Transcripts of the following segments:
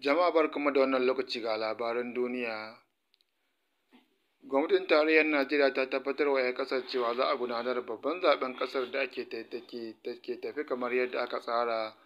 Jama'a barkanmu da wannan lokaci ga labaran duniya. Gwamnatin Tarayyar Najeriya ta tabbatar wa ‘yan ƙasar cewa za a gudanar babban zaɓen ƙasar da ke tafi kamar yadda aka tsara.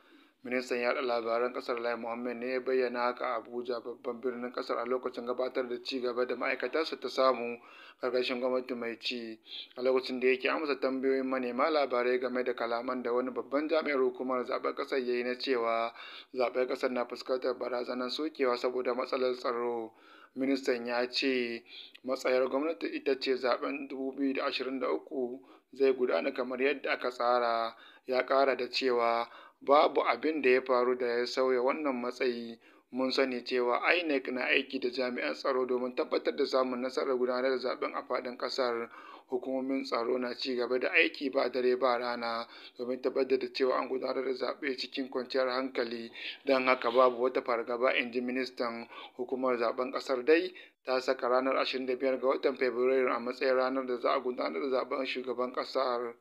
Ministan Yaɗa Labaran ƙasar Lai Mohammed ne ya bayyana haka a Abuja, babban birnin ƙasar a lokacin gabatar da ci gaba da ma'aikatarsa ta samu ƙarƙashin gwamnati mai ci, a lokacin da yake amsa tambayoyin manema labarai game da kalaman da wani babban jami'ar hukumar zaɓen ƙasar ya yi na cewa zaɓen ƙasar na fuskantar barazanar sokewa saboda matsalar tsaro. Ministan ya ce matsayar gwamnati ita ce zaɓen 2023 zai gudana kamar yadda aka tsara, ya ƙara da cewa Babu abin da ya faru da ya sauya wannan matsayi. Mun sani cewa INEC na aiki da jami'an tsaro domin tabbatar da samun nasarar gudanar da zaɓen a faɗin ƙasar. Hukumomin tsaro na ci gaba da aiki ba dare ba rana domin tabbatar da cewa an gudanar da zaɓe cikin kwanciyar hankali, don haka babu wata fargaba, in ji ministan. Hukumar zaɓen ƙasar dai ta saka ranar 25 ga watan Fabrairu a matsayin ranar da za a gudanar da zaben shugaban ƙasar.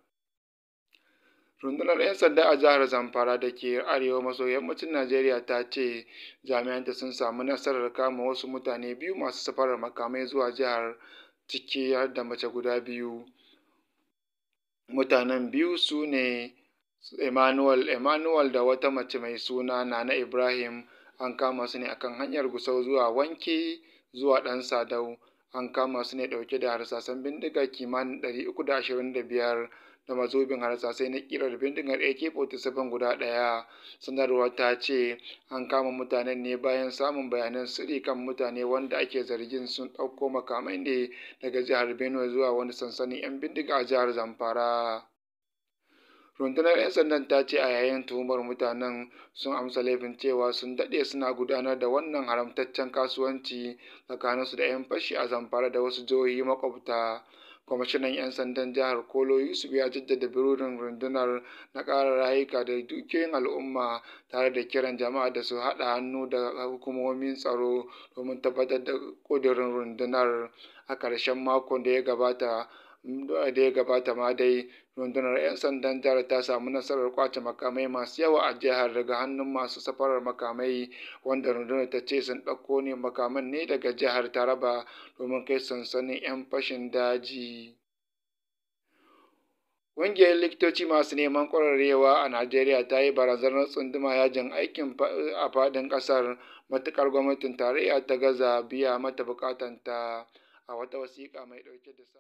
Rundunar ‘Yan Sanda a Jihar Zamfara da ke arewa maso yammacin Najeriya ta ce jami'anta sun samu nasarar kama wasu mutane biyu masu safarar makamai zuwa jihar, ciki har da mace guda biyu. Mutanen biyu su ne Emmanuel Emmanuel da wata mace mai suna Nana Ibrahim. An kama su ne akan hanyar Gusau zuwa wanki zuwa ɗan sadau. an kama su ne ɗauke da harsasan bindiga kimanin 325 da mazubin harsasai na kirar bindigar AK-47 guda ɗaya. Sanarwar ta ce an kama mutanen ne bayan samun bayanan sirri kan mutane wanda ake zargin sun ɗauko makamai ne daga jihar Benue zuwa wani sansanin 'yan bindiga a jihar Zamfara. Rundunar 'yan sanda ta ce a yayin tuhumar mutanen sun amsa laifin cewa sun daɗe suna gudanar da wannan haramtaccen kasuwanci tsakaninsu da 'yan fashi a Zamfara da wasu jihohi maƙwabta. Kwamishinan 'Yan Sandan Jihar Kolo Yusuf ya jaddada burin rundunar na ƙara rayuka da dukiyoyin al'umma tare da kiran jama'a da su haɗa hannu da hukumomin tsaro domin tabbatar da ƙudurin rundunar. A ƙarshen makon da ya gabata, da ya gabata ma dai rundunar 'yan sandan jihar ta samu nasarar kwace makamai masu yawa a jihar daga hannun masu safarar makamai wanda rundunar ta ce sun ɗauko ne makaman ne daga jihar taraba domin kai sansanin 'yan fashin daji. Ƙungiyar likitoci masu neman ƙwararrewa a Najeriya ta yi barazanar tsunduma yajin aikin a faɗin ƙasar matuƙar gwamnatin tarayya ta gaza biya mata buƙatanta a wata wasiƙa mai ɗauke da sa.